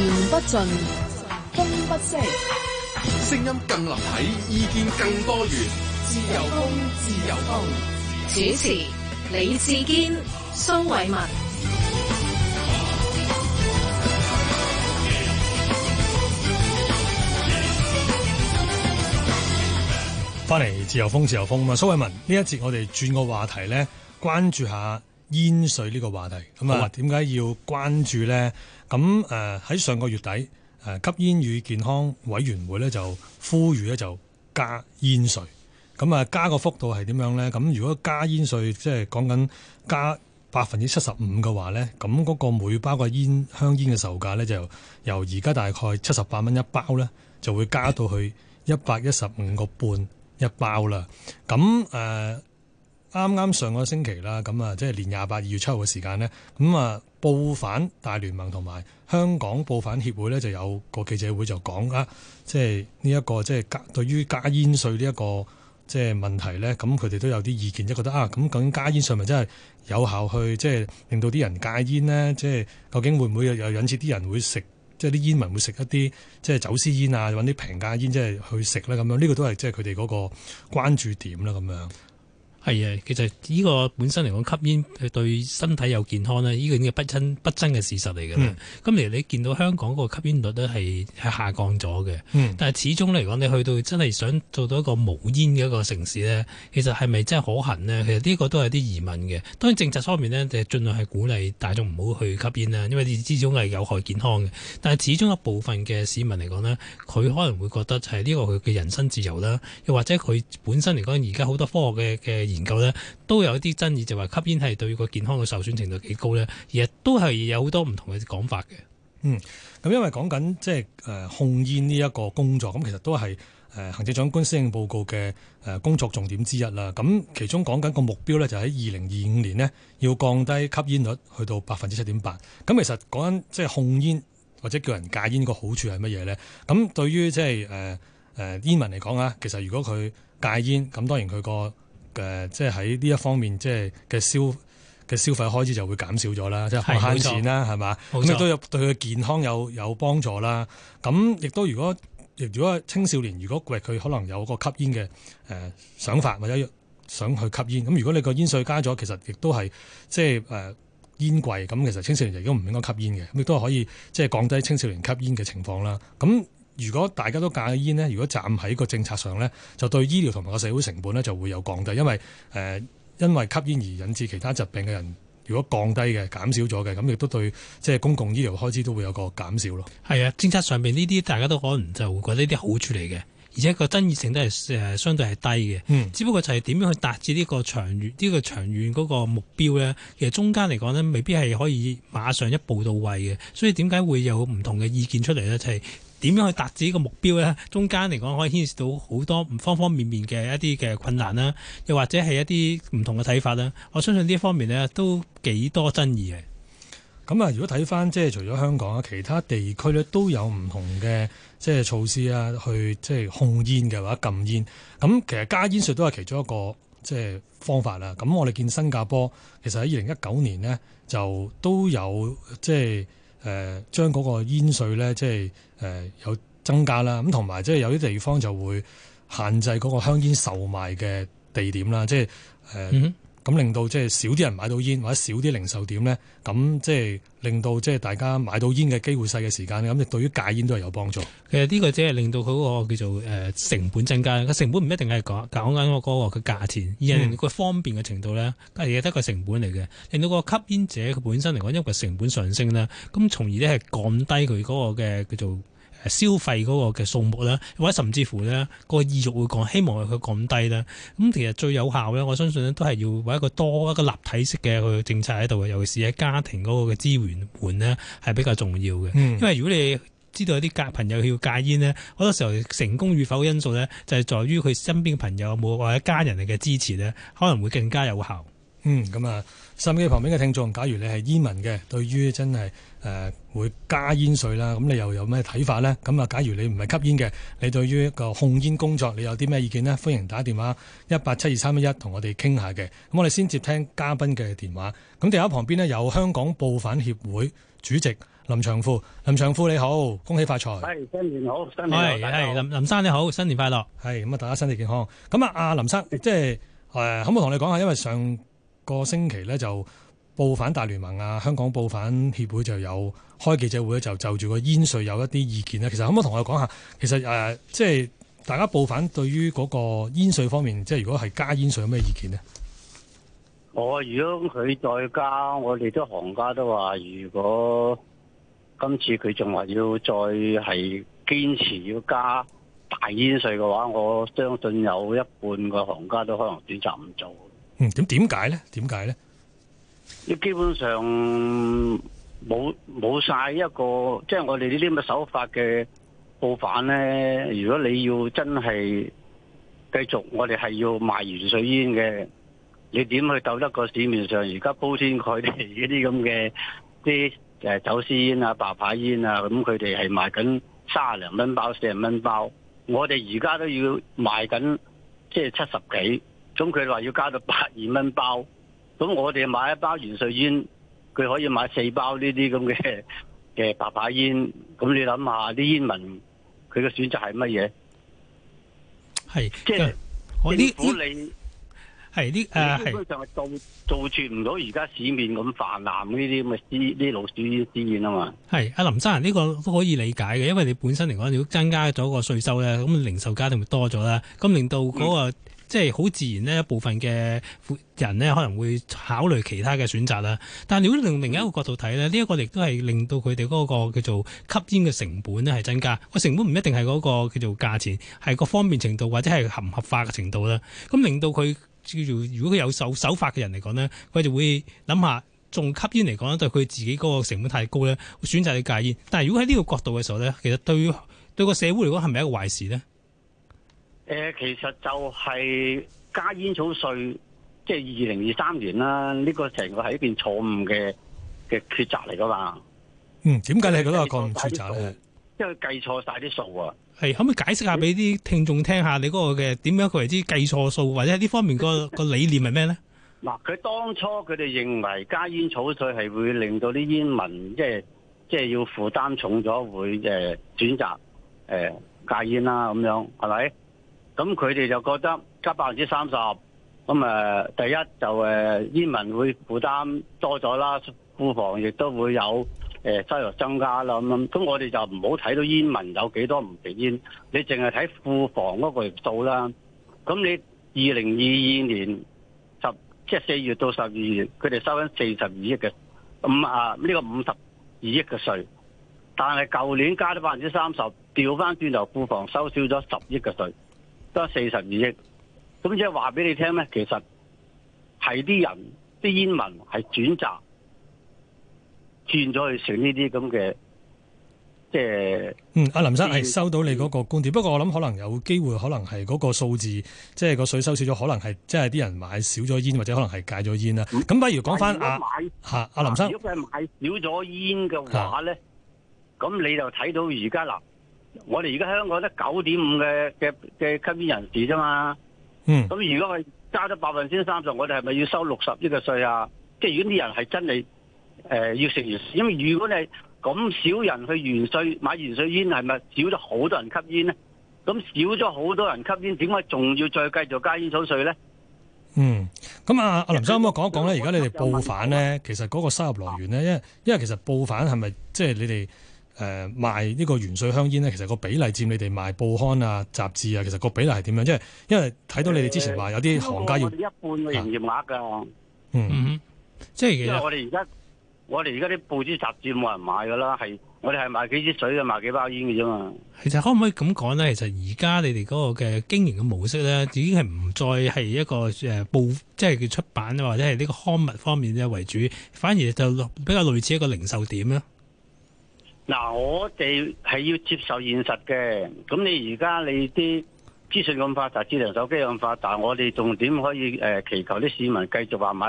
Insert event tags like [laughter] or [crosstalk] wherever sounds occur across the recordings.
言不盡，風不息，聲音更立體，意見更多元，自由風，自由風。自由風主持李志堅、蘇偉文，翻嚟自由風，自由風嘛！蘇偉文，呢一節我哋轉個話題咧，關注一下，煙稅呢個話題，咁啊點解，啊，要關注呢？咁誒喺上個月底，誒，啊，吸煙與健康委員會咧就呼籲咧就加煙稅，咁啊加個幅度係點樣呢？咁如果加煙稅即係講緊加百分之七十五嘅話呢，咁嗰個每包嘅煙香煙嘅售價呢，就由而家大概七十八蚊一包呢，就會加到去一百一十五個半一包啦。咁誒。呃啱啱上個星期啦，咁啊，即係年廿八二月七號嘅時間呢。咁啊，報販大聯盟同埋香港報販協會呢，就有個記者會就講啊，即係呢一個即係加對於加煙稅呢一個即係問題呢。咁佢哋都有啲意見，即係覺得啊，咁究竟加煙稅咪真係有效去即係令到啲人戒煙呢？即係究竟會唔會又引致啲人會食即係啲煙民會食一啲即係走私煙啊，搵啲平價煙即係去食呢？咁樣？呢個都係即係佢哋嗰個關注點啦，咁樣。係啊，其實呢個本身嚟講，吸煙對身體有健康呢，呢、這個已經係不爭不爭嘅事實嚟㗎啦。咁、嗯、你見到香港嗰個吸煙率咧係係下降咗嘅，嗯、但係始終嚟講，你去到真係想做到一個無煙嘅一個城市呢，其實係咪真係可行呢？其實呢個都係啲疑問嘅。當然政策方面呢，就盡量係鼓勵大眾唔好去吸煙啦，因為始終係有害健康嘅。但係始終一部分嘅市民嚟講呢，佢可能會覺得係呢個佢嘅人身自由啦，又或者佢本身嚟講，而家好多科學嘅嘅。研究呢都有一啲爭議，就話、是、吸煙係對個健康嘅受損程度幾高呢？亦都係有好多唔同嘅講法嘅。嗯，咁因為講緊即係控煙呢一個工作，咁其實都係誒行政長官施政報告嘅誒工作重點之一啦。咁其中講緊個目標呢，就喺二零二五年呢，要降低吸煙率去到百分之七點八。咁其實講緊即係控煙或者叫人戒煙個好處係乜嘢呢？咁對於即係誒誒煙民嚟講啊，其實如果佢戒煙，咁當然佢個誒，即係喺呢一方面，即係嘅消嘅消費開支就會減少咗啦，即係慳錢啦，係嘛錯？咁亦都有對佢嘅健康有有幫助啦。咁亦都如果如果青少年如果佢可能有個吸煙嘅誒想法或者想去吸煙，咁如果你個煙稅加咗，其實亦都係即係誒煙貴。咁其實青少年亦都唔應該吸煙嘅，咁亦都可以即係降低青少年吸煙嘅情況啦。咁。如果大家都戒煙呢，如果站喺個政策上呢，就對醫療同埋個社會成本呢就會有降低，因為、呃、因為吸煙而引致其他疾病嘅人，如果降低嘅減少咗嘅，咁亦都對即係公共醫療開支都會有個減少咯。係啊，政策上面呢啲大家都可能就會覺得呢啲好處嚟嘅，而且個爭議性都係相對係低嘅。嗯、只不過就係點樣去達至呢個長遠呢、呢個長遠嗰個目標呢？其實中間嚟講呢，未必係可以馬上一步到位嘅，所以點解會有唔同嘅意見出嚟呢？就係、是。點樣去達至呢個目標呢？中間嚟講可以牽涉到好多唔方方面面嘅一啲嘅困難啦，又或者係一啲唔同嘅睇法啦。我相信呢一方面呢都幾多爭議嘅。咁啊，如果睇翻即係除咗香港啊，其他地區呢都有唔同嘅即係措施啊，去即係控煙嘅話禁煙。咁其實加煙稅都係其中一個即係方法啦。咁我哋見新加坡其實喺二零一九年呢就都有即係。就是誒將嗰個煙稅咧，即係誒有增加啦，咁同埋即係有啲地方就會限制嗰個香煙售賣嘅地點啦，即係誒。嗯咁令到即係少啲人買到煙，或者少啲零售點呢，咁即係令到即係大家買到煙嘅機會細嘅時間，咁你對於戒煙都係有幫助。其實呢個只係令到佢嗰個叫做誒成本增加，個成本唔一定係講講緊嗰個嘅價錢，而係個方便嘅程度呢。但係亦都係成本嚟嘅，令到個吸煙者佢本身嚟講，因為佢成本上升呢，咁從而呢係降低佢嗰、那個嘅叫做。消費嗰個嘅數目啦，或者甚至乎呢個意欲會降，希望佢降低啦。咁其實最有效咧，我相信咧都係要搵一個多一個立體式嘅個政策喺度嘅，尤其是喺家庭嗰個嘅支援呢，係比較重要嘅。嗯，因為如果你知道有啲朋友要戒煙呢，好多時候成功與否嘅因素呢，就係在於佢身邊嘅朋友有冇或者家人嚟嘅支持呢，可能會更加有效。嗯，咁啊。收機旁邊嘅聽眾，假如你係煙民嘅，對於真係誒、呃、會加煙稅啦，咁你又有咩睇法呢？咁啊，假如你唔係吸煙嘅，你對於一個控煙工作，你有啲咩意見呢？歡迎打電話 1, 一八七二三一一，同我哋傾下嘅。咁我哋先接聽嘉賓嘅電話。咁電話旁邊呢，有香港報販協會主席林長富，林長富你好，恭喜發財。係新年好，新年快、哎、林，林生你好，新年快樂。咁啊，大家身體健康。咁啊，阿林生即係、呃、可唔可以同你講下？因為上個星期咧就報販大聯盟啊，香港報販協會就有開記者會咧，就就住個煙稅有一啲意見咧。其實可唔可以同我講下，其實誒、呃，即係大家報販對於嗰個煙稅方面，即係如果係加煙稅有咩意見呢？我如果佢再加，我哋都行家都話，如果今次佢仲話要再係堅持要加大煙稅嘅話，我相信有一半個行家都可能選擇唔做。嗯，點點解咧？點解咧？你基本上冇冇晒一個，即係我哋呢啲咁嘅手法嘅報販咧。如果你要真係繼續，我哋係要賣鹽水煙嘅，你點去鬥得個市面上？而家鋪天蓋地嗰啲咁嘅啲誒走私煙啊、白牌煙啊，咁佢哋係賣緊卅零蚊包、四十蚊包，我哋而家都要賣緊即係七十幾。咁佢話要加到百二蚊包，咁我哋買一包元帥煙，佢可以買四包呢啲咁嘅嘅白牌煙。咁你諗下啲煙民佢嘅選擇係乜嘢？係即係政府你係呢？誒、啊，根本上係杜杜絕唔到而家市面咁泛濫呢啲咁嘅呢啲老鼠煙啊嘛。係阿林生啊，呢、這個都可以理解嘅，因為你本身嚟講，如果增加咗個稅收咧，咁零售家定會多咗啦，咁令到嗰，那個。嗯即係好自然呢，一部分嘅人呢，可能會考慮其他嘅選擇啦。但如果你從另一個角度睇呢，呢一個亦都係令到佢哋嗰個叫做吸煙嘅成本呢係增加。個成本唔一定係嗰個叫做價錢，係個方便程度或者係合唔合法嘅程度啦。咁令到佢叫做如果佢有守守法嘅人嚟講呢，佢就會諗下，仲吸煙嚟講咧，對佢自己嗰個成本太高呢，會選擇去戒煙。但係如果喺呢個角度嘅時候呢，其實對對個社會嚟講係咪一個壞事呢？誒，其實就係加煙草稅，即係二零二三年啦。呢、這個成個係一件錯誤嘅嘅抉擇嚟噶嘛？嗯，點解你覺得係個錯誤抉擇咧？因為計錯晒啲數啊！係可唔可以解釋下俾啲聽眾聽下你？你嗰個嘅點樣佢係啲計錯數，或者呢方面個個 [laughs] 理念係咩咧？嗱，佢當初佢哋認為加煙草稅係會令到啲煙民即係即係要負擔重咗，會誒、呃、選擇誒戒、呃、煙啦、啊，咁樣係咪？是。咁佢哋就覺得加百分之三十，咁誒第一就誒煙民會負擔多咗啦，庫房亦都會有誒收入增加啦咁，咁我哋就唔好睇到煙民有幾多唔食煙，你淨係睇庫房嗰個數啦。咁你二零二二年十即係四月到十二月，佢哋收緊四十二億嘅，咁啊呢個五十二億嘅稅，但係舊年加咗百分之三十，掉翻轉頭庫房收少咗十億嘅稅。得四十二億，咁即係話俾你聽咧，其實係啲人啲煙民係轉閘，轉咗去食呢啲咁嘅，即係嗯，阿林生係收到你嗰個觀點，是不過我諗可能有機會可、就是，可能係嗰個數字，即係個稅收少咗，可能係即係啲人買少咗煙，或者可能係戒咗煙啦。咁、嗯、不如講翻阿吓阿林生，如果佢係買少咗煙嘅話咧，咁的你就睇到而家嗱。我哋而家香港得九點五嘅嘅嘅吸煙人士啫嘛，嗯，咁如果佢加咗百分之三十，我哋係咪要收六十億嘅稅啊？即係如果啲人係真係誒、呃、要食完，因為如果你咁少人去完稅買完稅煙，係咪少咗好多人吸煙咧？咁少咗好多人吸煙，點解仲要再繼續加煙草稅咧？嗯，咁啊，阿林生可唔可以講一講咧？而家你哋報販咧，其實嗰個收入來源咧，因為因為其實報販係咪即係你哋？誒、呃、賣呢個元帥香煙咧，其實個比例佔你哋賣報刊啊、雜誌啊，其實個比例係點樣？即係因為睇到你哋之前話有啲行家要一半嘅營業額㗎。啊、嗯，即係、嗯即係、其實因為我哋而家我哋而家啲報紙雜誌冇人買㗎啦，係我哋係賣幾支水嘅，賣幾包煙嘅啫嘛。其實可唔可以咁講咧？其實而家你哋嗰個嘅經營嘅模式咧，已經係唔再係一個誒、啊、報，即係叫出版或者係呢個刊物方面咧為主，反而就比較類似一個零售點咧。嗱、啊，我哋係要接受現實嘅，咁你而家你啲資訊咁發達，智能手機咁發達，我哋仲點可以誒、呃、祈求啲市民繼續話買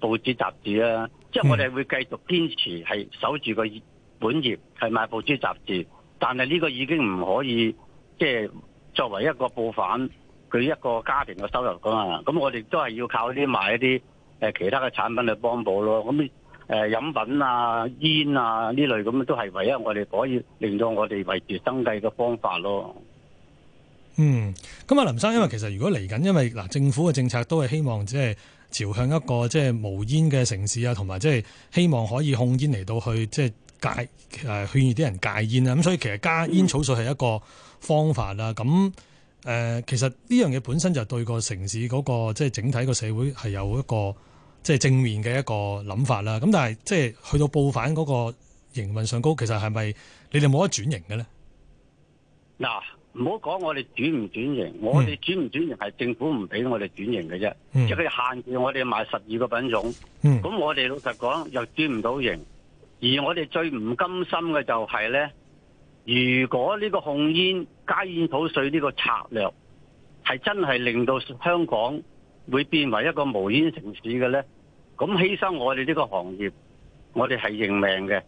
報紙雜誌啊？即、就、係、是、我哋會繼續堅持係守住個本業，係買報紙雜誌。但係呢個已經唔可以即係作為一個報販佢一個家庭嘅收入噶嘛。咁我哋都係要靠啲買一啲誒、呃、其他嘅產品去幫補咯。咁你。誒，飲品啊、煙啊呢類咁都係唯一我哋可以令到我哋維持生計嘅方法咯。嗯，咁啊，林生，因為其實如果嚟緊，因為嗱，政府嘅政策都係希望即係朝向一個即係無煙嘅城市啊，同埋即係希望可以控煙嚟到去即係戒誒，勸啲人戒煙啊。咁所以其實加煙草稅係一個方法啦。咁誒、嗯啊，其實呢樣嘢本身就對個城市嗰、嗰個即係、就是、整體個社會係有一個。即係正面嘅一個諗法啦，咁但係即係去到報販嗰個營運上高，其實係咪你哋冇得轉型嘅咧？嗱，唔好講我哋轉唔轉型，嗯、我哋轉唔轉型係政府唔俾我哋轉型嘅啫，即係、嗯、佢限住我哋賣十二個品種。咁、嗯、我哋老實講又轉唔到型，而我哋最唔甘心嘅就係、是、咧，如果呢個控煙、加煙土稅呢個策略係真係令到香港會變為一個無煙城市嘅咧？咁犧牲我哋呢個行業，我哋係認命嘅。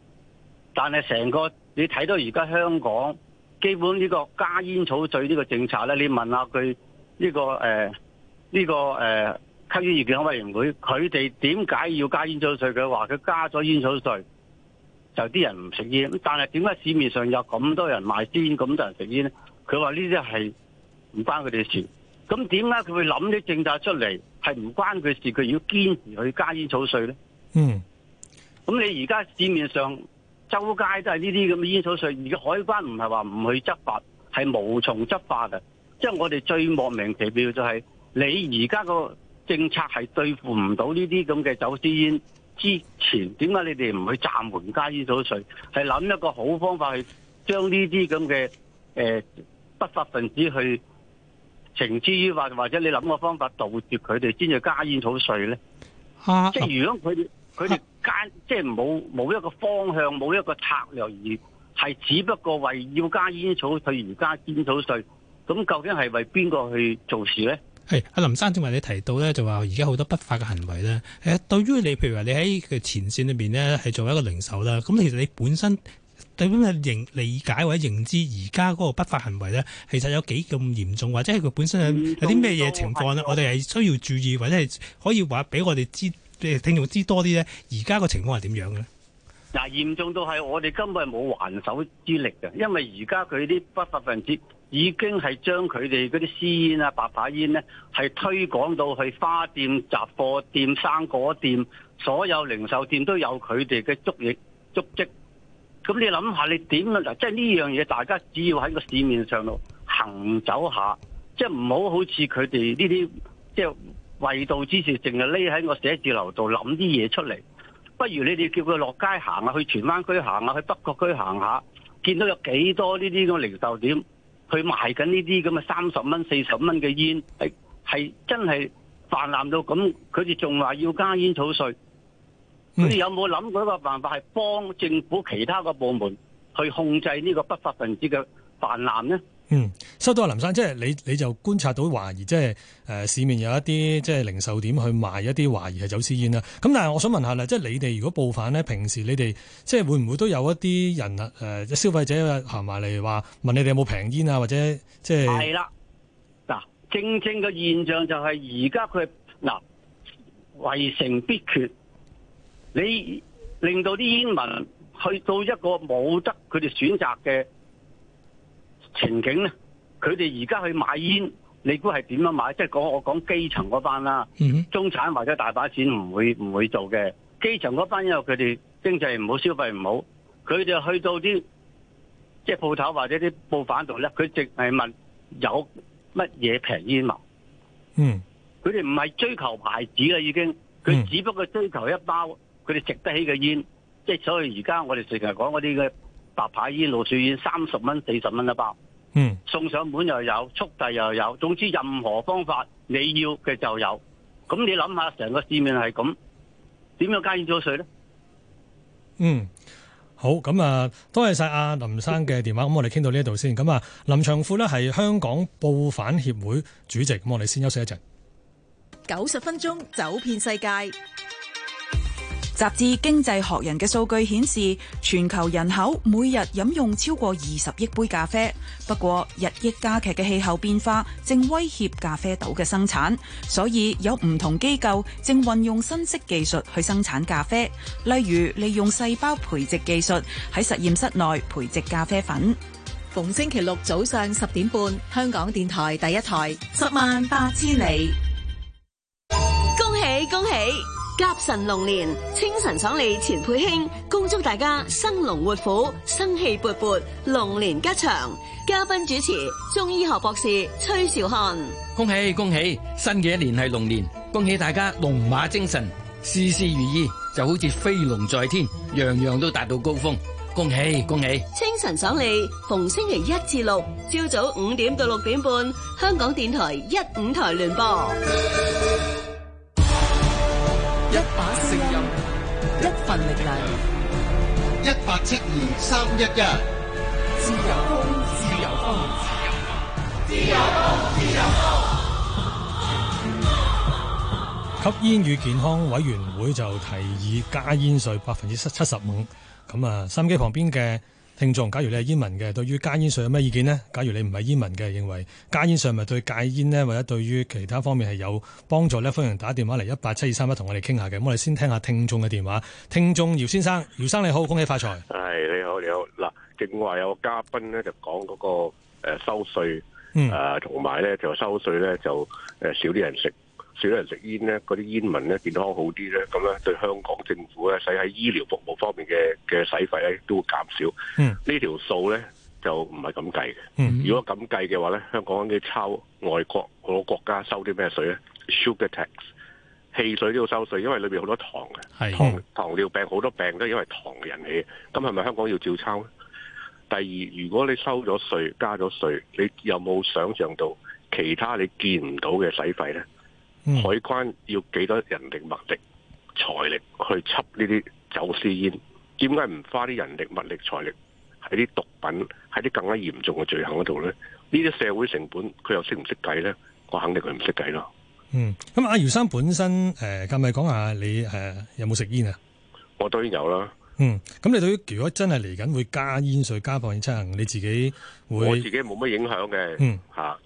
但係成個你睇到而家香港基本呢個加煙草稅呢個政策咧，你問下佢呢、呢個誒呢、呃呢個誒、呃、吸煙與健康委員會，佢哋點解要加煙草稅？佢話佢加咗煙草稅，就啲人唔食煙。但係點解市面上有咁多人賣煙，咁多人食煙咧？佢話呢啲係唔關佢哋事。咁點解佢會諗啲政策出嚟係唔關佢事，佢要堅持去加煙草稅呢？嗯，咁你而家市面上周街都係呢啲咁嘅煙草稅，而家海關唔係話唔去執法，係無從執法嘅。即係我哋最莫名其妙就係你而家個政策係對付唔到呢啲咁嘅走私煙之前，點解你哋唔去暫緩加煙草稅，係諗一個好方法去將呢啲咁嘅誒不法分子去？情之於或或者你諗個方法杜絕佢哋先至加煙草稅咧，即係如果佢哋佢哋間即係冇冇一個方向冇一個策略，而係只不過為要加煙草稅而加煙草稅，咁究竟係為邊個去做事咧？係阿林生正話你提到咧，就話而家好多不法嘅行為咧，係對於你譬如話你喺佢前線裏邊咧係做一個零售商啦，咁其實你本身，對咁嘅認理解或者認知，而家嗰個不法行為咧，其實有幾咁嚴重，或者係佢本身有有啲咩嘢情況咧？我哋係需要注意，或者係可以話俾我哋知，即係聽眾知多啲咧。而家個情況係點樣嘅咧？嗱，嚴重到係我哋根本係冇還手之力嘅，因為而家佢啲不法分子已經係將佢哋嗰啲私煙啊、白牌煙呢，係推廣到去花店、雜貨店、生果店，所有零售店都有佢哋嘅足跡、足跡。咁你諗下，你點啊？嗱，即係呢樣嘢，大家只要喺個市面上度行走下，即係唔好好似佢哋呢啲即係為道之事，淨係匿喺個寫字樓度諗啲嘢出嚟。不如你哋叫佢落街行呀，去荃灣區行呀，去北角區行下，見到有幾多呢啲咁嘅零售點，佢賣緊呢啲咁嘅三十蚊、四十蚊嘅煙，係係真係泛濫到咁，佢哋仲話要加煙草稅。佢、嗯、有冇諗過一個辦法，係幫政府其他個部門去控制呢個不法分子嘅泛濫呢？嗯，收到阿林生，即係你你就觀察到懷疑即是，即係誒市面有一啲即係零售點去賣一啲懷疑係走私煙啦。咁但係我想問一下啦，即係你哋如果報販咧，平時你哋即係會唔會都有一啲人誒、呃、消費者行埋嚟話問你哋有冇平煙啊，或者即係係啦，嗱，正正嘅現象就係而家佢嗱，為成必缺。你令到啲煙民去到一個冇得佢哋選擇嘅情景咧，佢哋而家去買煙，你估係點樣買？即係講，我講基層嗰班啦，中產或者大把錢唔會唔會做嘅。基層嗰班因為佢哋經濟唔好，消費唔好，佢哋去到啲即係鋪頭或者啲報販度咧，佢淨係問有乜嘢平煙嘛？嗯，佢哋唔係追求牌子啦，已經佢只不過追求一包。佢哋食得起嘅煙，即係所以而家我哋成日講嗰啲嘅白牌煙、老鼠煙，三十蚊、四十蚊一包，嗯，送上門又有，速遞又有，總之任何方法你要嘅就有。咁你諗下，成個市面係咁，點樣加煙草稅咧？嗯，好，咁啊，多謝晒阿林生嘅電話，咁我哋傾到呢一度先。咁啊，林長富咧係香港報販協會主席，咁我哋先休息一陣。九十分鐘走遍世界。雜誌《經濟學人》嘅數據顯示，全球人口每日飲用超過二十億杯咖啡。不過，日益加劇嘅氣候變化正威脅咖啡豆嘅生產，所以有唔同機構正運用新式技術去生產咖啡，例如利用細胞培植技術喺實驗室內培植咖啡粉。逢星期六早上十點半，香港電台第一台，十萬八千里。恭喜恭喜！恭喜甲辰龍年，清晨爽利，前配興，恭祝大家生龍活虎，生氣勃勃，龍年吉祥，嘉賓主持：中醫學博士崔兆漢。恭喜恭喜，新嘅一年係龍年，恭喜大家龍馬精神，事事如意，就好似飛龍在天，樣樣都達到高峰。恭喜恭喜。清晨爽利，逢星期一至六，朝早五點到六點半，香港電台一五台聯播。一把聲音，一份力量，一八七二三一一自。自由風，自由風，自由風，自由風，自由風。吸煙與健康委員會就提議加煙稅百分之七七十五，咁啊，收音機旁邊嘅。聽眾，假如你係煙民嘅，對於加煙稅有咩意見呢？假如你唔係煙民嘅，認為加煙稅係咪對戒煙呢？或者對於其他方面係有幫助呢？歡迎打電話嚟一八七二三一同我哋傾下嘅。咁我哋先聽下聽眾嘅電話。聽眾姚先生，姚生你好，恭喜發財。係、哎、你好，你好嗱，勁外有個嘉賓呢，就講嗰個收稅，誒同埋呢就收稅呢，就誒少啲人食。少人食煙咧，嗰啲煙民咧健康好啲咧，咁咧對香港政府咧使喺醫療服務方面嘅嘅使費咧都會減少。嗯，這條數呢條數咧就唔係咁計嘅。嗯，如果咁計嘅話咧，香港要抄外國個國家收啲咩稅咧？Sugar tax，汽水都要收稅，因為裏面好多糖嘅。係糖，糖糖尿病好多病都係因為糖嘅引起。咁係咪香港要照抄咧？第二，如果你收咗稅，加咗稅，你有冇想象到其他你見唔到嘅使費咧？嗯、海關要幾多人力、物力、財力去緝呢啲走私煙？點解唔花啲人力、物力、財力喺啲毒品、喺啲更加嚴重嘅罪行度咧？呢啲社會成本佢又識唔識計咧？我肯定佢唔識計咯。嗯，咁阿余生本身誒，咁咪講下你誒、呃、有冇食煙啊？我當然有啦。嗯，咁你對於如果真係嚟緊會加煙稅、加放煙出行，你自己會我自己冇乜影響嘅。吓誒、嗯啊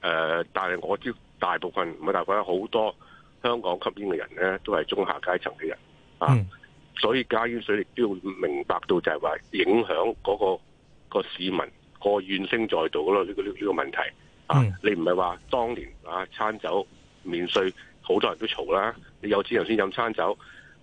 呃，但係我知。大部分唔係大部分，好多香港吸煙嘅人咧，都係中下階層嘅人啊，嗯、所以加煙稅亦都要明白到就係話影響嗰、嗰個嗰個市民、嗰個怨聲載道咯，呢個呢個問題、嗯、不是說啊，你唔係話當年啊餐酒免稅好多人都嘈啦，你有錢人先飲餐酒。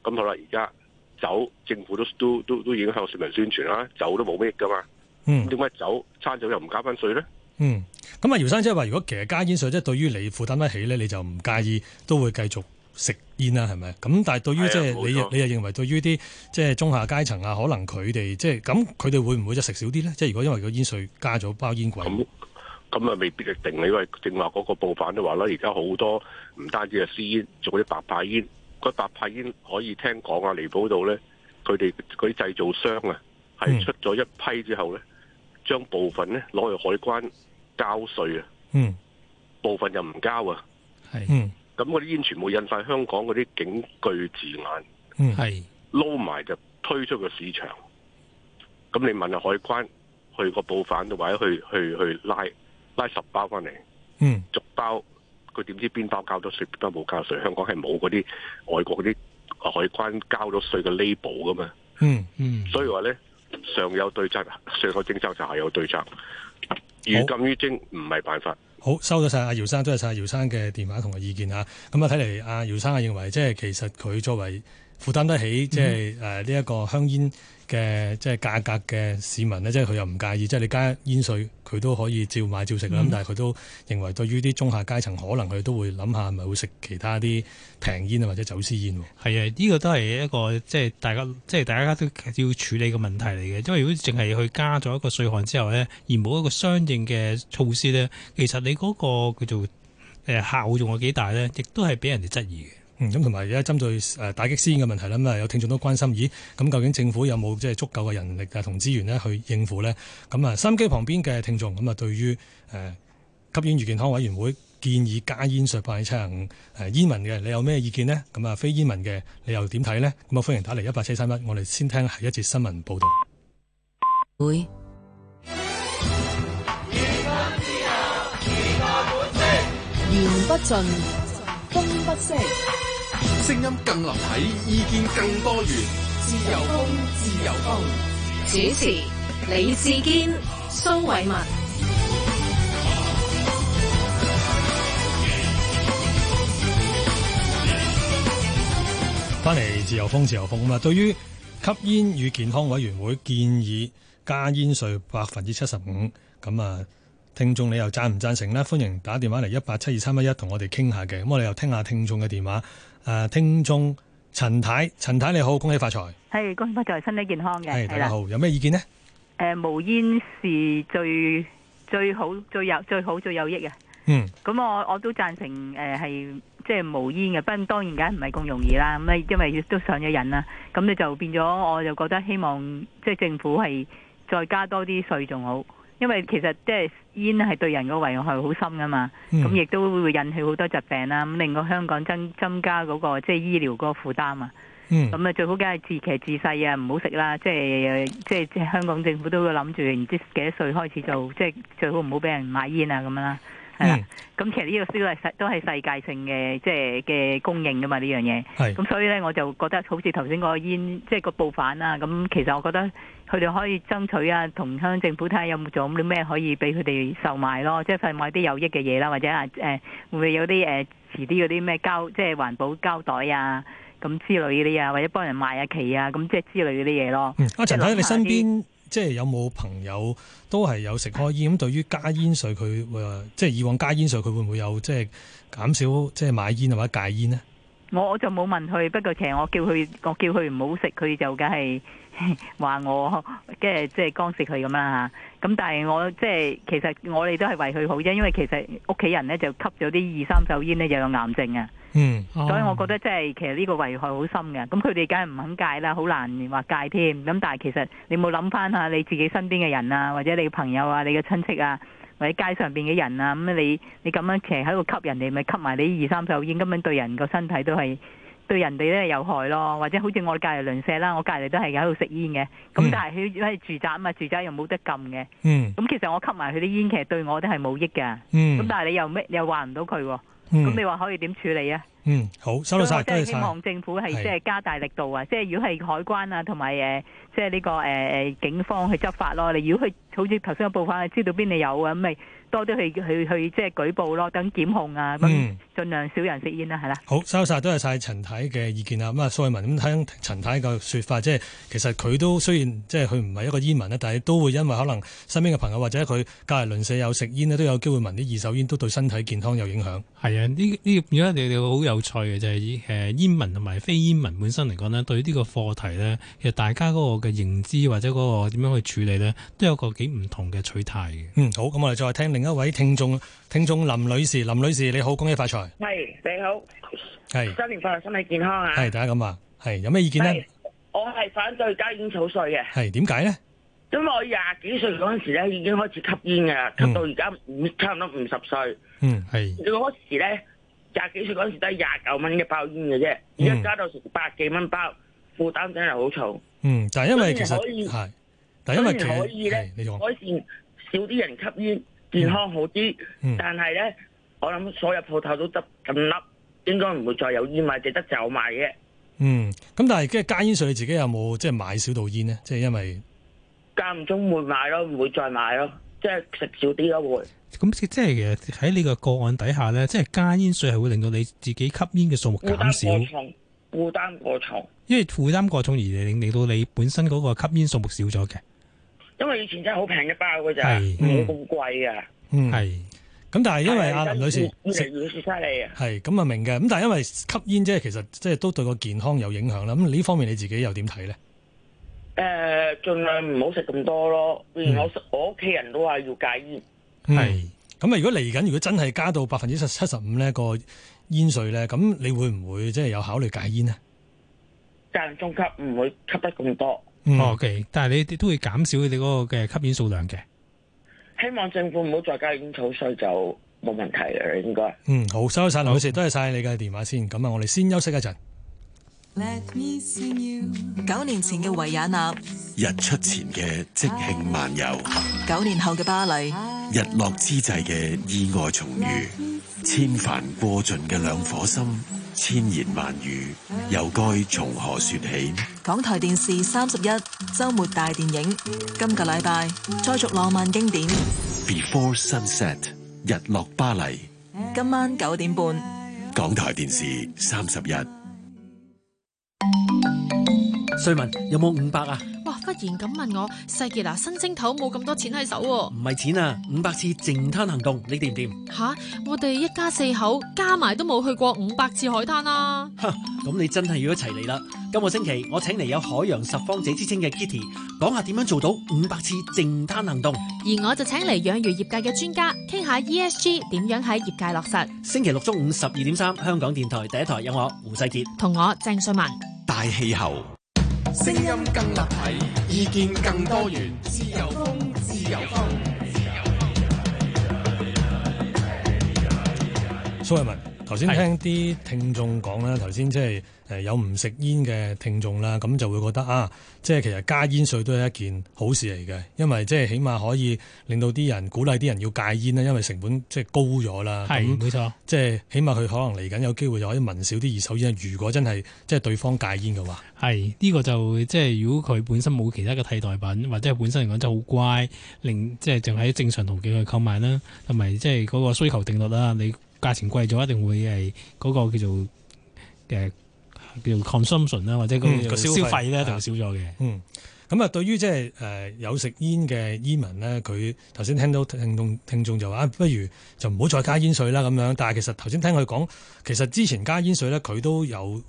咁好啦，而家酒政府都都都都已經向市民宣傳啦，酒都冇咩噶嘛，咁點解酒餐酒又唔加翻稅咧？嗯咁啊，姚生即係話，如果其實加煙稅即係對於你負擔得起咧，你就唔介意，都會繼續食煙啦，係咪？咁但係對於的即係沒錯 你你又認為對於啲即係中下階層啊，可能佢哋即係咁，佢哋會唔會就食少啲咧？即係如果因為個煙稅加咗包煙鬼咁，咁啊未必一定你因為正話嗰個報販都話啦，而家好多唔單止係私煙，做啲白牌煙。嗰白牌煙可以聽講啊，離譜到咧，佢哋嗰啲製造商啊，係出咗一批之後咧，嗯、將部分咧攞去海關。交稅啊，嗯，部分又唔交啊，係是，嗯，咁嗰啲煙全部印晒香港嗰啲警句字眼，嗯係，撈埋就推出個市場，咁你問下海關，去個報販，或者去去去拉拉十包翻嚟、嗯嗯，嗯，逐包佢點知邊包交咗稅，都冇交稅？香港係冇嗰啲外國嗰啲海關交咗稅嘅 label 噶嘛，嗯嗯，所以話咧上有對策，上海徵收就下有對策。越禁越精唔係好辦法。好，收咗晒阿姚生，都係晒阿姚生嘅電話同埋意見。咁啊，睇嚟阿姚生啊認為，即係其實佢作為負擔得起，即係誒呢一個香煙嘅即係價格嘅市民呢，即係佢又唔介意，即係你加煙稅，佢都可以照買照食啦。咁、嗯、但係佢都認為，對於啲中下階層，可能佢都會諗下，係咪會食其他啲平煙啊，或者走私煙？係啊，呢、呢個都係一個即係大家即係大家都要處理嘅問題嚟嘅。因為如果淨係去加咗一個稅項之後呢，而冇一個相應嘅措施呢，其實你嗰、嗰個叫做誒、呃、效用有幾大呢，亦都係俾人哋質疑嘅。咁同埋而家針對誒打擊私煙嘅問題咧，咁啊有聽眾都關心，咦？咁究竟政府有冇即係足夠嘅人力啊同資源咧去應付呢？咁啊，心機旁邊嘅聽眾咁啊，對於誒吸煙與健康委員會建議加煙稅百分之七十煙民嘅，你有咩意見呢？咁啊，非煙民嘅你又點睇呢？咁啊，歡迎打嚟一八七三一，我哋先聽下一節新聞報導。會言不盡。風不息，聲音更立體，意見更多元。自由風，自由風。由風主持李志堅、蘇偉文。翻嚟自由風，自由風啊！對於吸煙與健康委員會建議加煙稅百分之七十五，咁啊。聽眾你又贊唔贊成呢？歡迎打電話嚟一八七二三一一同我哋傾下嘅。咁我哋又聽下聽眾嘅電話。誒、呃，聽眾陳太，陳太你好，恭喜發財。係，恭喜發財，身體健康嘅。係，大家好。的有咩意見呢？誒、呃，無煙是最最好最有最好最有益嘅。嗯。咁我我都贊成誒係、呃、即係無煙嘅，不過當然梗係唔係咁容易啦。咁啊，因為都上咗癮啦，咁你就變咗，我就覺得希望即係政府係再加多啲稅仲好。因為其實即係煙係對人個危害好深噶嘛，咁亦、嗯、都會引起好多疾病啦，咁令到香港增增加嗰、那個即係、就是、醫療個負擔啊。咁啊、嗯、最好梗係自強自細啊，唔好食啦，即係即係即係香港政府都會諗住，唔知幾多歲開始就即係最好唔好俾人買煙啊咁樣啦。係咁、嗯嗯、其實呢個銷都係世界性嘅，即係嘅供應噶嘛呢樣嘢。咁、這個、是所以咧，我就覺得好似頭先嗰個煙，即、就、係、是、個報販啊。咁其實我覺得佢哋可以爭取啊，同香港政府睇下有冇做啲咩可以俾佢哋售賣咯，即係賣啲有益嘅嘢啦，或者啊唔、呃、會,會有啲誒遲啲嗰啲咩膠，即係環保膠袋啊，咁之類啲啊，或者幫人賣下、啊、旗啊，咁即係之類嗰啲嘢咯。嗯，阿陳你身邊。即係有冇朋友都係有食開煙？咁對於加煙稅，佢會即係以往加煙稅，佢會唔會有即係減少即係買煙啊？或者戒煙呢？我就冇問佢，不過其實我叫佢，我叫佢唔好食，佢就梗係話我，即係即係干涉佢咁啦。咁但係我即係其實我哋都係為佢好啫，因為其實屋企人咧就吸咗啲二三手煙咧，又有癌症啊。Mm. Oh. 所以我覺得即係其實呢個危害好深嘅。咁佢哋梗係唔肯戒啦，好難話戒添。咁但係其實你冇諗翻下你自己身邊嘅人啊，或者你嘅朋友啊，你嘅親戚啊。或者街上邊嘅人啊，咁你你咁樣其實喺度吸人哋，咪吸埋你二三手煙，咁樣對人個身體都係對人哋都係有害咯。或者好似我隔籬鄰舍啦，我隔籬都係喺度食煙嘅，咁但係佢住宅啊嘛，住宅又冇得禁嘅。嗯，咁其實我吸埋佢啲煙，其實對我都係冇益㗎。嗯，咁但係你又咩？你又話唔到佢喎。嗯，咁你話可以點處理啊？嗯，好，收到晒，多謝晒。即係希望政府係即係加大力度啊！即係是如果係海關啊，同埋誒，即係呢個誒誒、呃、警方去執法咯。你如果去好似頭先嘅部分，你知道邊度有啊咁咪。多啲去去去即係舉報咯，等檢控啊，咁盡量少人食煙啦，係啦、嗯。的好，收晒，多謝晒陳太嘅意見啦。咁啊，蘇偉文咁聽陳太嘅說法，即係其實佢都雖然即係佢唔係一個煙民咧，但係都會因為可能身邊嘅朋友或者佢隔籬鄰舍有食煙呢，都有機會聞啲二手煙，都對身體健康有影響。係啊，呢呢而家你哋好有趣嘅就係，誒煙民同埋非煙民本身嚟講咧，對於呢個課題呢，其實大家嗰個嘅認知或者嗰個點樣去處理呢，都有個幾唔同嘅取態嘅。嗯，好，咁我哋再聽。另一位聽眾，聽眾林女士，林女士你好，恭喜發財，係你好，係新年快樂，身體健康啊！係大家咁啊，係有咩意見呢？我係反對加煙草稅嘅，係點解呢？因為我廿幾歲嗰陣時咧，已經開始吸煙噶啦，吸到而家差唔多五十歲，嗯，係。嗰時咧廿幾歲嗰時得廿九蚊一包煙嘅啫，而家加到成百幾蚊包，負擔真係好重。嗯，但係因為其實係，但係因為其實係，你講改善少啲人吸煙。健康好啲，嗯、但係呢，我諗所有鋪頭都執咁笠，應該唔會再有煙賣，只得就賣嘅。嗯，咁但係即係加煙稅，你自己有冇即係買少度煙呢？即係因為間唔中會買咯，唔會再買咯，即係食少啲咯會。咁即係喺你個個案底下呢，即係加煙稅係會令到你自己吸煙嘅數目減少，負擔過重，負擔過重，因為負擔過重而令令到你本身嗰個吸煙數目少咗嘅。因為以前真係好平一包嘅咋，冇咁貴嘅。嗯係，咁、啊嗯、但係因為阿林女士食煙食犀利啊。係咁啊明嘅，咁但係因為吸煙即係其實即係都對個健康有影響啦。咁呢方面你自己又點睇咧？誒、呃，盡量唔好食咁多咯。我、嗯、我屋企人都話要戒煙。係是，咁啊如果嚟緊如果真係加到百分之七七十五咧個煙稅咧，咁你會唔會即係有考慮戒煙呢？間中吸唔會吸得咁多。O.K.，、嗯嗯、但係你啲都會減少你嗰個嘅吸煙數量嘅。希望政府唔好再加煙草稅就冇問題嘅，應該。嗯，好，收晒，唔好意思，多謝晒你嘅電話先。咁啊，我哋先休息一陣。Let me see you, 九年前嘅維也納，日出前嘅即興漫遊，Hi. 九年後嘅巴黎，Hi. 日落之際嘅意外重遇，千帆過盡嘅兩顆心。千言萬語，又該從何說起？港台電視三十一週末大電影，今個禮拜再續浪漫經典。Before Sunset，日落巴黎。今晚九點半，港台電視三十一。瑞文有冇五百啊？哇！忽然咁問我，世杰嗱、啊、新星頭冇咁多錢喺手，啊，唔係錢啊，五百次淨灘行動，你掂唔掂？吓，我哋一家四口加埋都冇去過五百次海灘啦、啊。咁你真係要一齊嚟啦。今個星期我請嚟有海洋拾荒者之稱嘅 Kitty 講下點樣做到五百次淨灘行動，而我就請嚟養魚業界嘅專家傾下 E S G 點樣喺業界落實。星期六中午十二點三，3, 香港電台第一台有我胡世杰同我鄭瑞文大氣候。聲音更立體，意見更多元，自由風，自由風，自由風。蘇慧文，頭先聽啲聽眾講啦，頭先即係。誒有唔食煙嘅聽眾啦，咁就會覺得啊，即係其實加煙稅都係一件好事嚟嘅，因為即係起碼可以令到啲人鼓勵啲人要戒煙啦，因為成本即係高咗啦。係，冇錯。即係起碼佢可能嚟緊有機會就可以聞少啲二手煙。如果真係即係對方戒煙嘅話，係，呢個就即係如果佢本身冇其他嘅替代品，或者本身嚟講就好乖，令即係淨喺正常途徑去購買啦，同埋即係嗰個需求定律啦。你價錢貴咗一定會係嗰個叫做誒。比如 consumption 啦，或者個消費咧，就少咗嘅。嗯，咁啊費，的對於即係誒有食煙嘅煙民呢，佢頭先聽到聽眾聽眾就話，不如就唔好再加煙稅啦。咁樣，但係其實頭先聽佢講，其實之前加煙稅呢，佢都有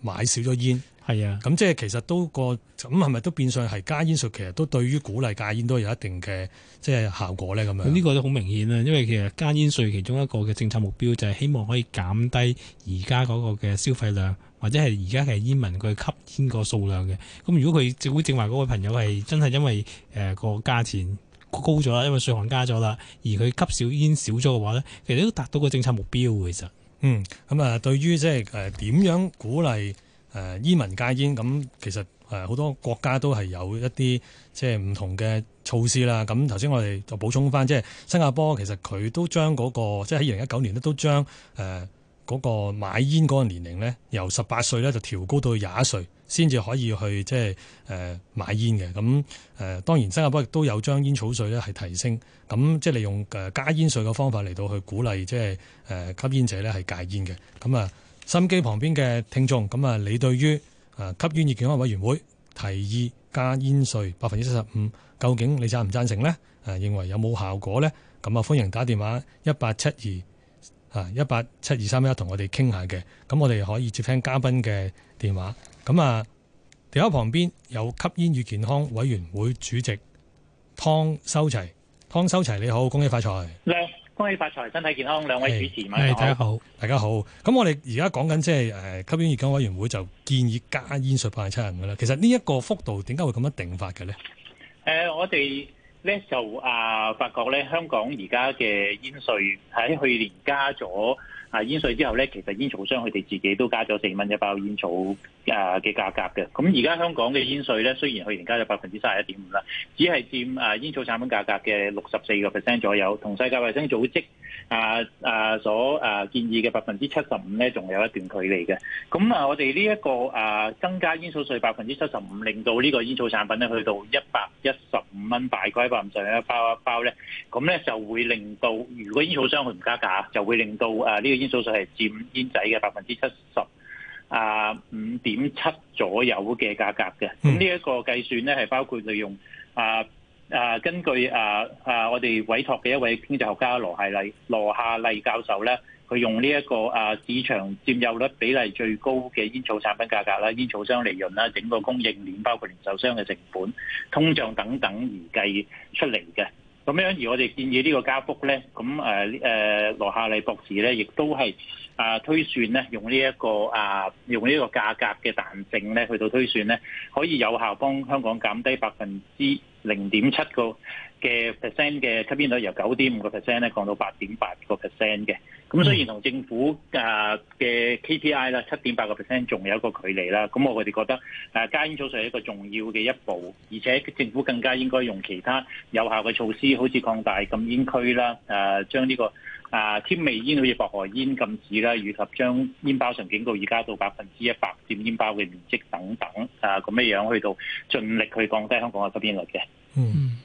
買少咗煙係啊。咁是的 即係其實都個咁係咪都變相係加煙稅，其實都對於鼓勵戒煙都有一定嘅即係效果咧。咁樣呢個都好明顯啦，因為其實加煙稅其中一個嘅政策目標就係希望可以減低而家嗰個嘅消費量。或者係而家嘅煙民佢吸煙個數量嘅，咁如果佢正會正話嗰位朋友係真係因為誒個價錢高咗啦，因為稅項加咗啦，而佢吸少煙少咗嘅話呢，其實都達到個政策目標其實。嗯，咁啊，對於即係誒點樣鼓勵誒煙民戒煙，咁其實誒好、呃、多國家都係有一啲即係唔同嘅措施啦。咁頭先我哋就補充翻，即、就、係、是、新加坡其實佢都將嗰、那個即係喺二零一九年咧都將誒。呃嗰個買煙嗰個年齡呢，由十八歲呢就調高到廿一歲，先至可以去即係誒買煙嘅。咁誒、呃、當然新加坡亦都有將煙草稅呢係提升，咁即係利用加煙稅嘅方法嚟到去鼓勵即係、呃、吸煙者呢係戒煙嘅。咁啊，心機旁邊嘅聽眾，咁啊，你對於吸煙與健康委員會提議加煙稅百分之七十五，究竟你贊唔贊成呢？誒、啊，認為有冇效果呢？咁啊，歡迎打電話一八七二。一八七二三一同我哋傾下嘅，咁我哋可以接聽嘉賓嘅電話。咁啊，電話旁邊有吸煙與健康委員會主席湯修齊，湯修齊你好，恭喜發財！恭喜發財，身體健康。兩位主持好，大家好，大家好。咁我哋而家講緊即係誒，吸煙與健康委員會就建議加煙稅百分之七噶啦。其實呢一個幅度點解會咁樣定法嘅呢？誒、呃，我哋。咧就啊，發覺咧香港而家嘅煙稅喺去年加咗啊煙稅之後咧，其實煙草商佢哋自己都加咗四蚊一包煙草。啊嘅價格嘅，咁而家香港嘅煙稅咧，雖然去年加咗百分之三十一點五啦，只係佔啊煙草產品價格嘅六十四個 percent 左右，同世界衛生組織啊啊所啊建議嘅百分之七十五咧，仲有一段距離嘅。咁啊，我哋呢一個啊增加煙草稅百分之七十五，令到呢個煙草產品咧去到一百一十五蚊大概一百五十蚊一包一包咧，咁咧就會令到如果煙草商佢唔加價，就會令到啊呢個煙草稅係佔煙仔嘅百分之七十。啊，五點七左右嘅價格嘅，咁呢一個計算咧係包括利用啊啊，根據啊啊，我哋委託嘅一位經濟學家羅夏麗羅夏麗教授咧，佢用呢、這、一個啊市場佔有率比例最高嘅煙草產品價格啦、煙草商利潤啦、整個供應鏈包括零售商嘅成本、通脹等等而計出嚟嘅。咁樣，而我哋建議呢個加幅咧，咁誒誒羅夏利博士咧，亦都係啊推算咧，用呢一個啊用呢個價格嘅彈性咧，去到推算咧，可以有效幫香港減低百分之零點七個嘅 percent 嘅吸煙率，由九點五個 percent 咧降到八點八個 percent 嘅。咁雖然同政府啊嘅 KPI 啦七點八個 percent 仲有一個距離啦，咁我哋覺得誒加煙草稅係一個重要嘅一步，而且政府更加應該用其他有效嘅措施，好似擴大禁煙區啦，誒將呢個。啊！添味煙好似薄荷煙禁止啦，以及將煙包上警告移加，而家到百分之一百佔煙包嘅面積等等啊，咁樣樣去到盡力去降低香港嘅吸煙率嘅。嗯。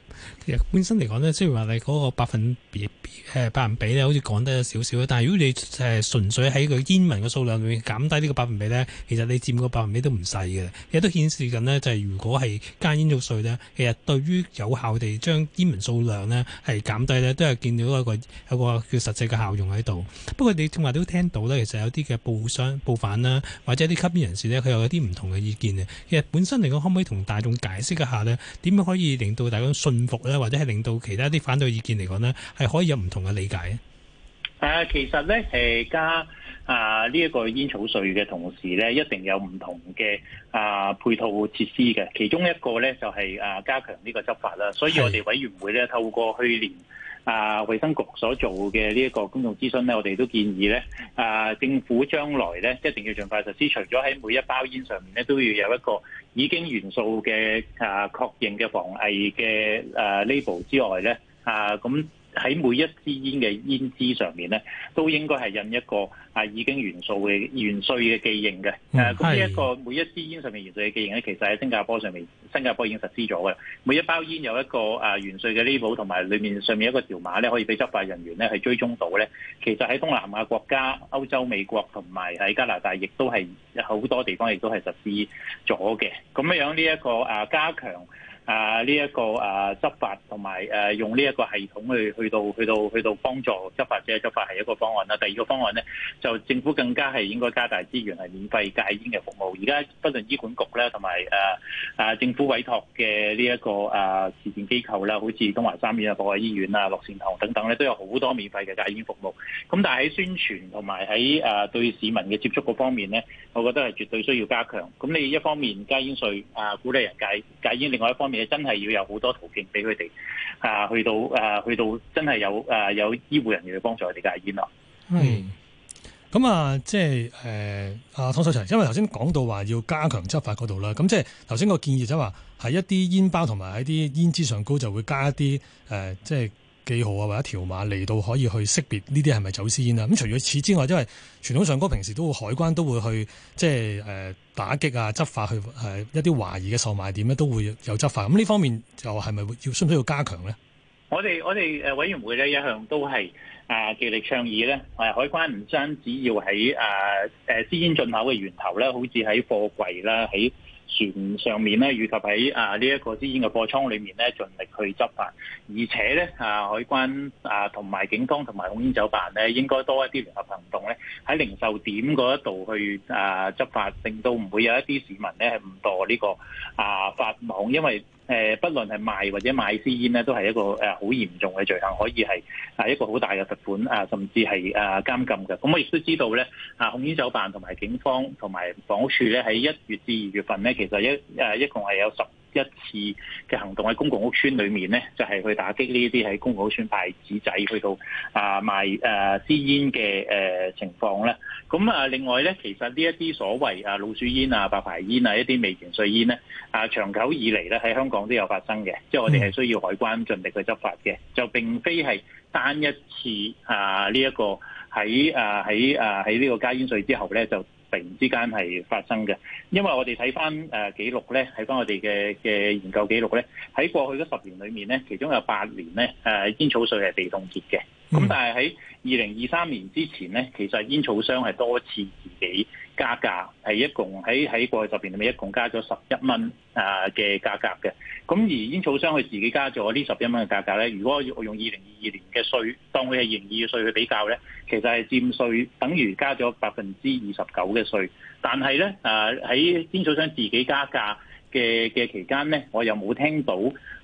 其實本身嚟講呢，雖然話你嗰個百分比，呃、百分比咧，好似降低咗少少，但係如果你純粹喺個煙民嘅數量裏面減低呢個百分比呢，其實你佔個百分比都唔細嘅，亦都顯示緊呢，就係、是、如果係加煙稅呢，其實對於有效地將煙民數量呢係減低呢，都係見到一個有一個叫實際嘅效用喺度。不過你正話都聽到呢，其實有啲嘅報商、報販啦，或者啲吸煙人士呢，佢有有啲唔同嘅意見。其實本身嚟講，可唔可以同大眾解釋一下呢？點樣可以令到大家信？服咧，或者係令到其他啲反對意見嚟講咧，係可以有唔同嘅理解嘅。其實咧係加啊呢一個煙草稅嘅同時咧，一定有唔同嘅啊配套設施嘅。其中一個咧就係啊加強呢個執法啦。所以我哋委員會咧透過去年，啊，衛生局所做嘅呢一個公共諮詢咧，我哋都建議咧，啊，政府將來咧一定要盡快實施，除咗喺每一包煙上面咧都要有一個已經元素嘅啊確認嘅防偽嘅誒 label 之外咧，啊咁。喺每一支煙嘅煙枝上面咧，都應該係印一個啊已經完稅嘅完稅嘅記認嘅。誒是，咁呢一個每一支煙上面完稅嘅記認咧，其實喺新加坡上面，新加坡已經實施咗嘅。每一包煙有一個啊完稅嘅 label 同埋裏面上面一個條碼咧，可以俾執法人員咧去追蹤到咧。其實喺東南亞國家、歐洲、美國同埋喺加拿大是，亦都係好多地方亦都係實施咗嘅。咁樣呢、這、一個啊加強。啊！呢、這、一個啊執法同埋誒用呢一個系統去去到去到去到幫助執法者執法係一個方案啦。第二個方案咧，就政府更加係應該加大資源嚟免費戒煙嘅服務。而家不論醫管局咧同埋誒政府委託嘅呢一個誒、啊、慈善機構啦，好似東華三院啊、博愛醫院啊、樂善堂等等咧，都有好多免費嘅戒煙服務。咁但係喺宣傳同埋喺誒對市民嘅接觸嗰方面咧，我覺得係絕對需要加強。咁你一方面加煙稅啊，鼓勵人戒戒煙，另外一方，真係要有好多途徑俾佢哋啊，去到啊，去到真係有啊，有醫護人員去幫助佢哋戒煙咯。嗯，咁啊，即係誒，阿湯修齊，因為頭先講到話要加強執法嗰度啦。咁即係頭先個建議就話係一啲煙包同埋喺啲煙支上高就會加一啲誒、啊，即係。記號啊，或者條碼嚟到可以去識別呢啲係咪走私煙啊？咁除咗此之外，因為傳統上哥平時都會海關都會去即係誒、呃、打擊啊、執法去誒、呃、一啲懷疑嘅售賣點咧，都會有執法。咁、嗯、呢方面就係咪要需唔需要加強咧？我哋我哋誒委員會咧一向都係啊極力倡議咧，係、啊、海關唔單止要喺啊誒私煙進口嘅源頭咧，好似喺貨櫃啦，喺。船上面咧，以及喺啊呢一個支煙嘅貨倉裡面咧，盡力去執法，而且咧啊，海關啊同埋警方同埋控煙酒辦咧，應該多一啲聯合行動咧，喺零售點嗰度去啊執法，令到唔會有一啲市民咧係唔墮呢、這個啊法網，因為。誒，不論係賣或者買私煙咧，都係一個誒好嚴重嘅罪行，可以係係一個好大嘅罰款啊，甚至係誒監禁嘅。咁我亦都知道咧，啊控煙酒辦同埋警方同埋房屋署咧，喺一月至二月份咧，其實一誒一共係有十一次嘅行動喺公共屋邨裏面咧，就係、是、去打擊呢一啲喺公共屋邨擺紙仔、去到啊賣誒、啊、私煙嘅誒、呃、情況咧。咁啊，另外咧，其實呢一啲所謂啊老鼠煙啊、白牌煙啊、一啲微型碎煙咧，啊長久以嚟咧喺香港都有發生嘅，即係我哋係需要海關盡力去執法嘅，就並非係單一次啊呢一、這個喺啊喺啊喺呢個加煙稅之後咧就。突然之間係發生嘅，因為我哋睇翻誒記錄咧，睇翻我哋嘅嘅研究記錄咧，喺過去嘅十年裏面咧，其中有八年咧，誒、呃、煙草稅係被凍結嘅。咁但係喺二零二三年之前咧，其實煙草商係多次自己。加價係一共喺喺過去十年裡面一共加咗十一蚊啊嘅價格嘅，咁而煙草商佢自己加咗呢十一蚊嘅價格咧，如果我用二零二二年嘅稅當佢係營業稅去比較咧，其實係佔稅等於加咗百分之二十九嘅稅。稅但係咧啊喺煙草商自己加價嘅嘅期間咧，我又冇聽到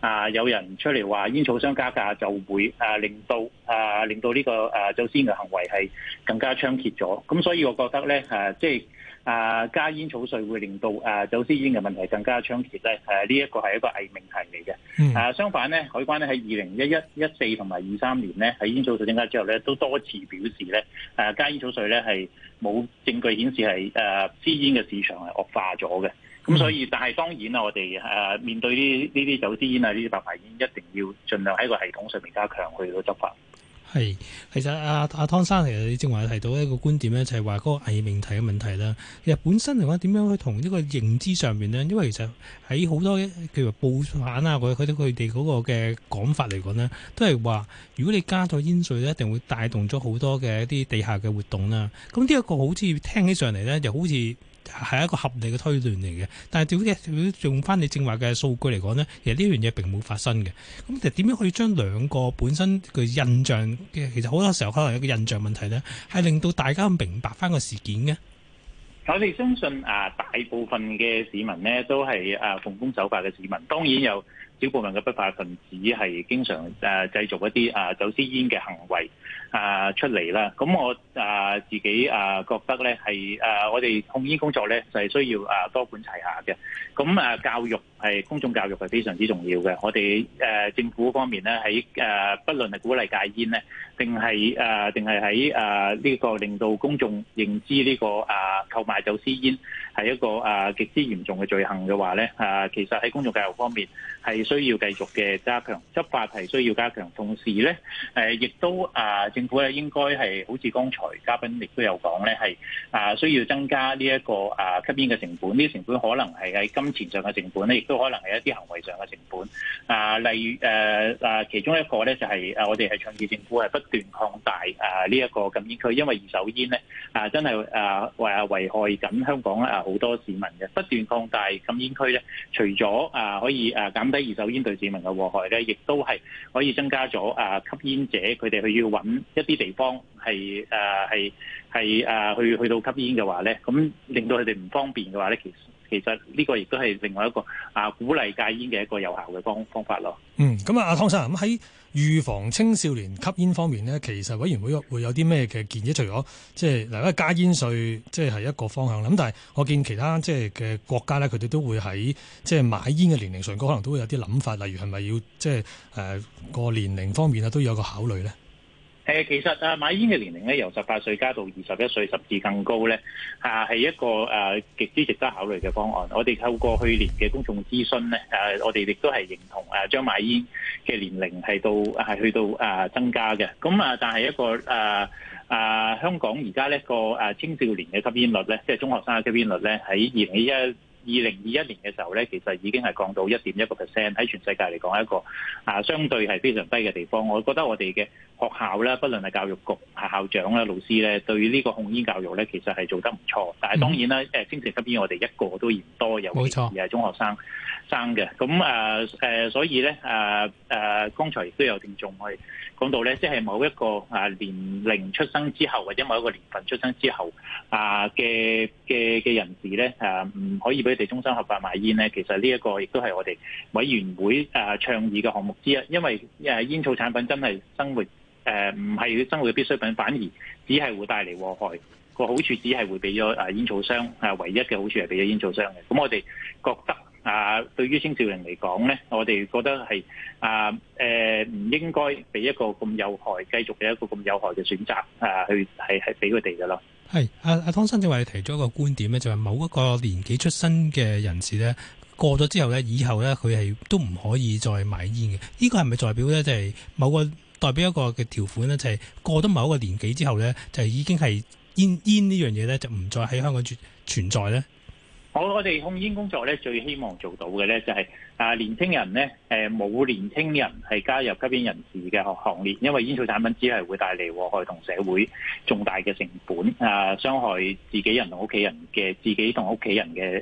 啊有人出嚟話煙草商加價就會啊令到啊令到呢個啊走私嘅行為係更加猖獗咗。咁所以我覺得咧啊即係。啊，加煙草稅會令到啊走私煙嘅問題更加猖獗咧。誒、啊，呢一個係一個偽命題嚟嘅。誒、啊，相反咧，海關咧喺二零一一一四同埋二三年咧，喺煙草稅增加之後咧，都多次表示咧，誒、啊、加煙草稅咧係冇證據顯示係誒、啊、私煙嘅市場係惡化咗嘅。咁所以，但係當然啦，我哋誒、啊、面對呢呢啲走私煙啊、呢啲白牌煙，一定要盡量喺個系統上面加強佢嘅執法。係，其實阿阿湯生其實你正話提到一個觀點咧，就係話嗰個偽命題嘅問題啦。其實本身嚟講，點樣去同呢個認知上面咧，因為其實喺好多譬如報販啊，或者佢哋嗰個嘅講法嚟講咧，都係話如果你加咗煙稅咧，一定會帶動咗好多嘅一啲地下嘅活動啦。咁呢一個好似聽起上嚟咧，又好似～係一個合理嘅推斷嚟嘅，但係點解用翻你正話嘅數據嚟講呢，其實呢樣嘢並冇發生嘅。咁其實點樣可以將兩個本身嘅印象嘅，其實好多時候可能有個印象問題呢，係令到大家明白翻個事件嘅。我哋相信啊，大部分嘅市民呢，都係啊奉公守法嘅市民，當然有少部分嘅不法分子係經常誒製造一啲啊走私煙嘅行為。啊！出嚟啦！咁我啊自己啊覺得咧係啊，我哋控煙工作咧就係需要啊多管齊下嘅。咁啊，教育係公眾教育係非常之重要嘅。我哋誒、啊、政府方面咧，喺誒、啊，不論係鼓勵戒煙咧，定係誒，定係喺誒呢個令到公眾認知呢個誒購買走私煙係一個誒極之嚴重嘅罪行嘅話咧，啊，其實喺公眾教育方面係需要繼續嘅，加強執法係需要加強，同時咧誒亦都啊政府咧應該係好似剛才嘉賓亦都有講咧係啊需要增加呢一個誒吸煙嘅成本，呢啲成本可能係喺金錢上嘅成本咧，亦都可能係一啲行為上嘅成本啊，例如誒誒其中一個咧就係誒我哋係倡議政府係不不斷擴大誒呢一個禁煙區，因為二手煙咧啊，真係誒為啊危害緊香港啊好多市民嘅，不斷擴大禁煙區咧，除咗啊可以誒減低二手煙對市民嘅禍害咧，亦都係可以增加咗啊吸煙者佢哋去要揾一啲地方係誒係係誒去去到吸煙嘅話咧，咁令到佢哋唔方便嘅話咧，其實。其實呢個亦都係另外一個啊鼓勵戒煙嘅一個有效嘅方方法咯，嗯。嗯，咁啊，湯生咁喺預防青少年吸煙方面呢，其實委員會有會有啲咩嘅建議？除咗即係嗱，家加煙稅即係係一個方向啦。咁但係我見其他即係嘅國家呢，佢哋都會喺即係買煙嘅年齡上，可能都會有啲諗法。例如係咪要即係誒個年齡方面啊，都有一個考慮呢？誒，其實啊，買煙嘅年齡咧，由十八歲加到二十一歲，甚至更高咧，啊，係一個誒極之值得考慮嘅方案。我哋透過去年嘅公眾諮詢咧，誒，我哋亦都係認同誒，將買煙嘅年齡係到係去到啊增加嘅。咁啊，但係一個誒誒，香港而家咧個誒青少年嘅吸煙率咧，即係中學生嘅吸煙率咧，喺二零一。二零二一年嘅時候咧，其實已經係降到一點一個 percent，喺全世界嚟講一個啊，相對係非常低嘅地方。我覺得我哋嘅學校啦，不論係教育局、係校長啦、老師咧，對於呢個控煙教育咧，其實係做得唔錯。但係當然啦，誒、嗯，青少、啊、年吸煙我哋一個都嫌多，尤其是係中學生錯生嘅。咁誒誒，所以咧誒誒，剛、啊啊、才亦都有聽眾去講到咧，即係某一個啊年齡出生之後，或者某一個年份出生之後啊嘅嘅嘅人士咧，誒、啊、唔可以。佢哋中心合法賣煙咧，其實呢一個亦都係我哋委員會誒倡議嘅項目之一，因為誒煙草產品真係生活誒唔係生活嘅必需品，反而只係會帶嚟禍害。個好處只係會俾咗誒煙草商啊，唯一嘅好處係俾咗煙草商嘅。咁我哋覺得啊，對於青少年嚟講咧，我哋覺得係啊誒唔應該俾一個咁有害、繼續嘅一個咁有害嘅選擇啊，去係係俾佢哋嘅咯。係阿阿湯生為你提咗一個觀點咧，就係、是、某一個年紀出生嘅人士咧，過咗之後咧，以後咧佢係都唔可以再買煙嘅。呢、這個係咪代表咧，就係、是、某個代表一個嘅條款咧，就係、是、過咗某一個年紀之後咧，就係已經係煙煙呢樣嘢咧，就唔再喺香港存存在咧。我我哋控煙工作咧，最希望做到嘅咧、就是，就係。啊，年青人咧，誒冇年青人係加入吸煙人士嘅行行列，因為煙草產品只係會帶嚟禍害同社會重大嘅成本，啊，傷害自己人同屋企人嘅自己同屋企人嘅誒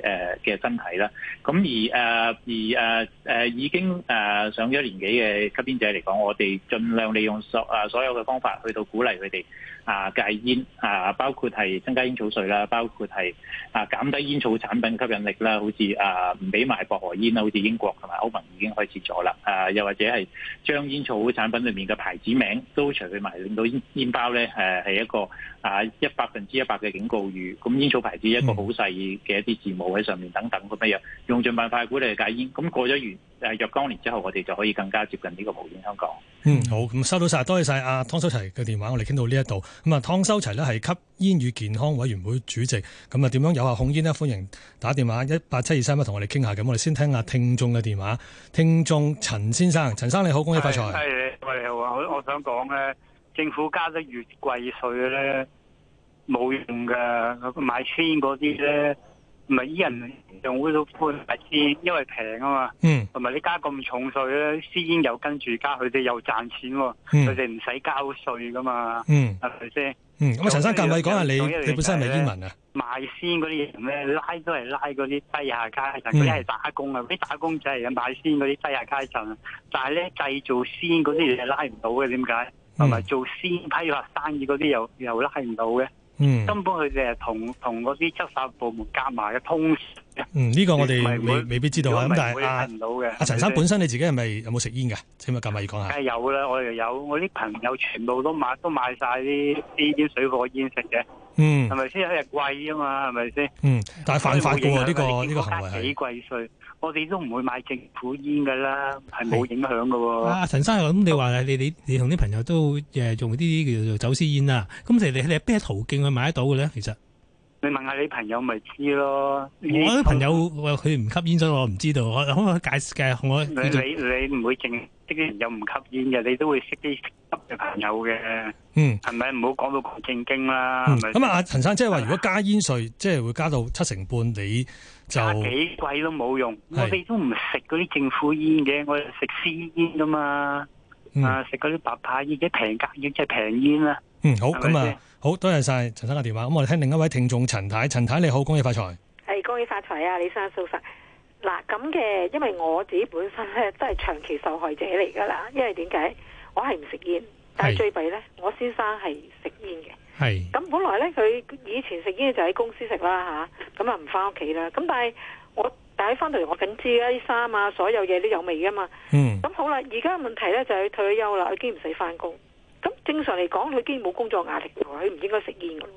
嘅身體啦。咁、啊、而誒而誒已經誒、啊、上咗年紀嘅吸煙者嚟講，我哋盡量利用所啊所有嘅方法去到鼓勵佢哋啊戒煙啊，包括係增加煙草稅啦，包括係啊減低煙草產品吸引力啦，好似啊唔俾買薄荷煙啦，好似英國。同埋歐盟已經開始咗啦，誒、啊、又或者係將煙草產品裏面嘅牌子名都除去埋，令到煙煙包咧誒係一個啊一百分之一百嘅警告語。咁、啊、煙草牌子一個好細嘅一啲字母喺上面，等等咁樣樣，用盡辦法嚟嚟戒煙。咁、啊、過咗完誒若干年之後，我哋就可以更加接近呢個無煙香港。嗯，好，咁收到晒，多謝晒阿湯修齊嘅電話，我哋傾到呢一度。咁啊，湯修齊咧係吸煙與健康委員會主席。咁啊，點樣有啊控煙呢？歡迎打電話一八七二三一，同我哋傾下。咁我哋先聽下聽眾。電話聽眾陳先生，陳生你好，恭喜發財。係，我我想講咧，政府加得越貴稅咧，冇用噶。買煙嗰啲咧，唔係依人用嗰種煙，因為平啊嘛。而且的家嘛嗯。同埋你加咁重稅咧，私煙又跟住加，佢哋又賺錢，佢哋唔使交稅噶嘛。嗯，係咪先？嗯，咁啊，陳生夾咪講下你，說你本身係咪英文啊？賣先嗰啲嘢，咧，拉都係拉嗰啲低下階層，嗰啲係打工啊，嗰啲打工仔啊，賣先嗰啲低下階層啊。但係咧，製造先嗰啲嘢拉唔到嘅，點解？同埋、嗯、做先批發生意嗰啲又又拉唔到嘅。嗯，根本佢哋係同同嗰啲執法部門夾埋嘅通。嗯，呢個我哋未未必知道啊。咁但係阿阿陳生本身你自己係咪有冇食煙嘅？請咪夾埋要講下。係有啦，我又有，我啲朋友全部都買都買晒啲啲水貨煙食嘅。嗯，係咪先一日貴啊嘛？係咪先？嗯，但係犯法嘅呢個呢個行為。幾貴稅，是我哋都唔會買政府煙噶啦，係冇影響噶。阿陳生，咁你話你你你同啲朋友都誒，用啲叫做走私煙啊？咁你你你係咩途徑去買得到嘅咧？其實？你問下你朋友咪知咯。我啲朋友佢唔吸煙，所以我唔知道。可唔可以解釋嘅？我，我，我你你唔就會淨啲啲人唔吸煙嘅，你都會識啲吸嘅朋友嘅。嗯，係咪唔好講到咁正經啦？係咪咁、嗯、啊，陳生即係話，如果加煙稅即係會加到七成半，你就加幾貴都冇用。是我哋都唔食嗰啲政府煙嘅，我哋食私煙㗎嘛。嗯、啊，食嗰啲白牌煙，啲平價煙即係平煙啦。嗯，好咁啊。好，多謝晒陳生嘅電話。咁我哋聽另一位聽眾陳太，陳太你好，恭喜發財。係恭喜發財啊！李生早晨。嗱咁嘅，因為我自己本身咧都係長期受害者嚟噶啦。因為點解？我係唔食煙，但係最弊咧，我先生係食煙嘅。係咁是本來咧，佢以前食煙就喺公司食啦吓，咁啊唔翻屋企啦。咁但係我但係翻到嚟，我緊知啦，啲衫啊，所有嘢都有味噶嘛。咁、嗯、好啦，而家嘅問題咧就係、是、退咗休啦，佢已經唔使翻工。正常嚟講，佢既然冇工作壓力，佢唔應該食煙噶。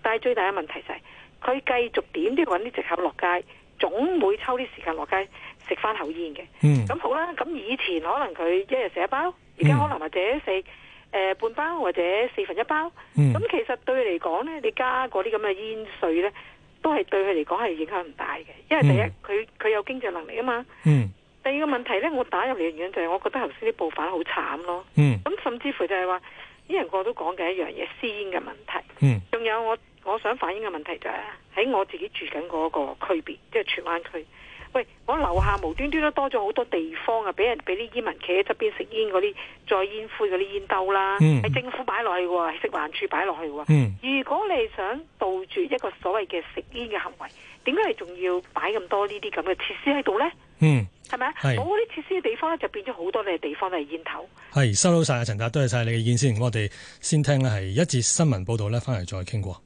但係最大嘅問題就係，佢繼續點都要揾啲藉口落街，總會抽啲時間落街食翻口煙嘅。咁、嗯、好啦，咁以前可能佢一日食一包，而家可能或者食誒半包或者四分一包。咁、嗯、其實對佢嚟講呢，你加嗰啲咁嘅煙稅呢，都係對佢嚟講係影響唔大嘅。因為第一，佢佢、嗯、有經濟能力啊嘛。嗯第二個問題呢，我打入嚟嘅原因就係，我覺得頭先啲報販好慘咯。嗯，咁甚至乎就係話，啲人個都講嘅一樣嘢，私煙嘅問題。嗯，仲有我我想反映嘅問題就係、是、喺我自己住緊嗰個區別，即係荃灣區。喂，我樓下無端端都多咗好多地方啊，俾人俾啲煙民企喺側邊食煙嗰啲，再煙灰嗰啲煙兜啦。喺、嗯、政府擺落去喎，食環處擺落去喎。嗯，如果你想杜絕一個所謂嘅食煙嘅行為，點解你仲要擺咁多呢啲咁嘅設施喺度呢？嗯係咪啊？冇嗰啲設施嘅地方咧，就變咗好多嘅地方嚟煙頭。係，收到晒啊！陳達，多謝晒你嘅意見先。我哋先聽呢係一節新聞報道呢，翻嚟再傾過。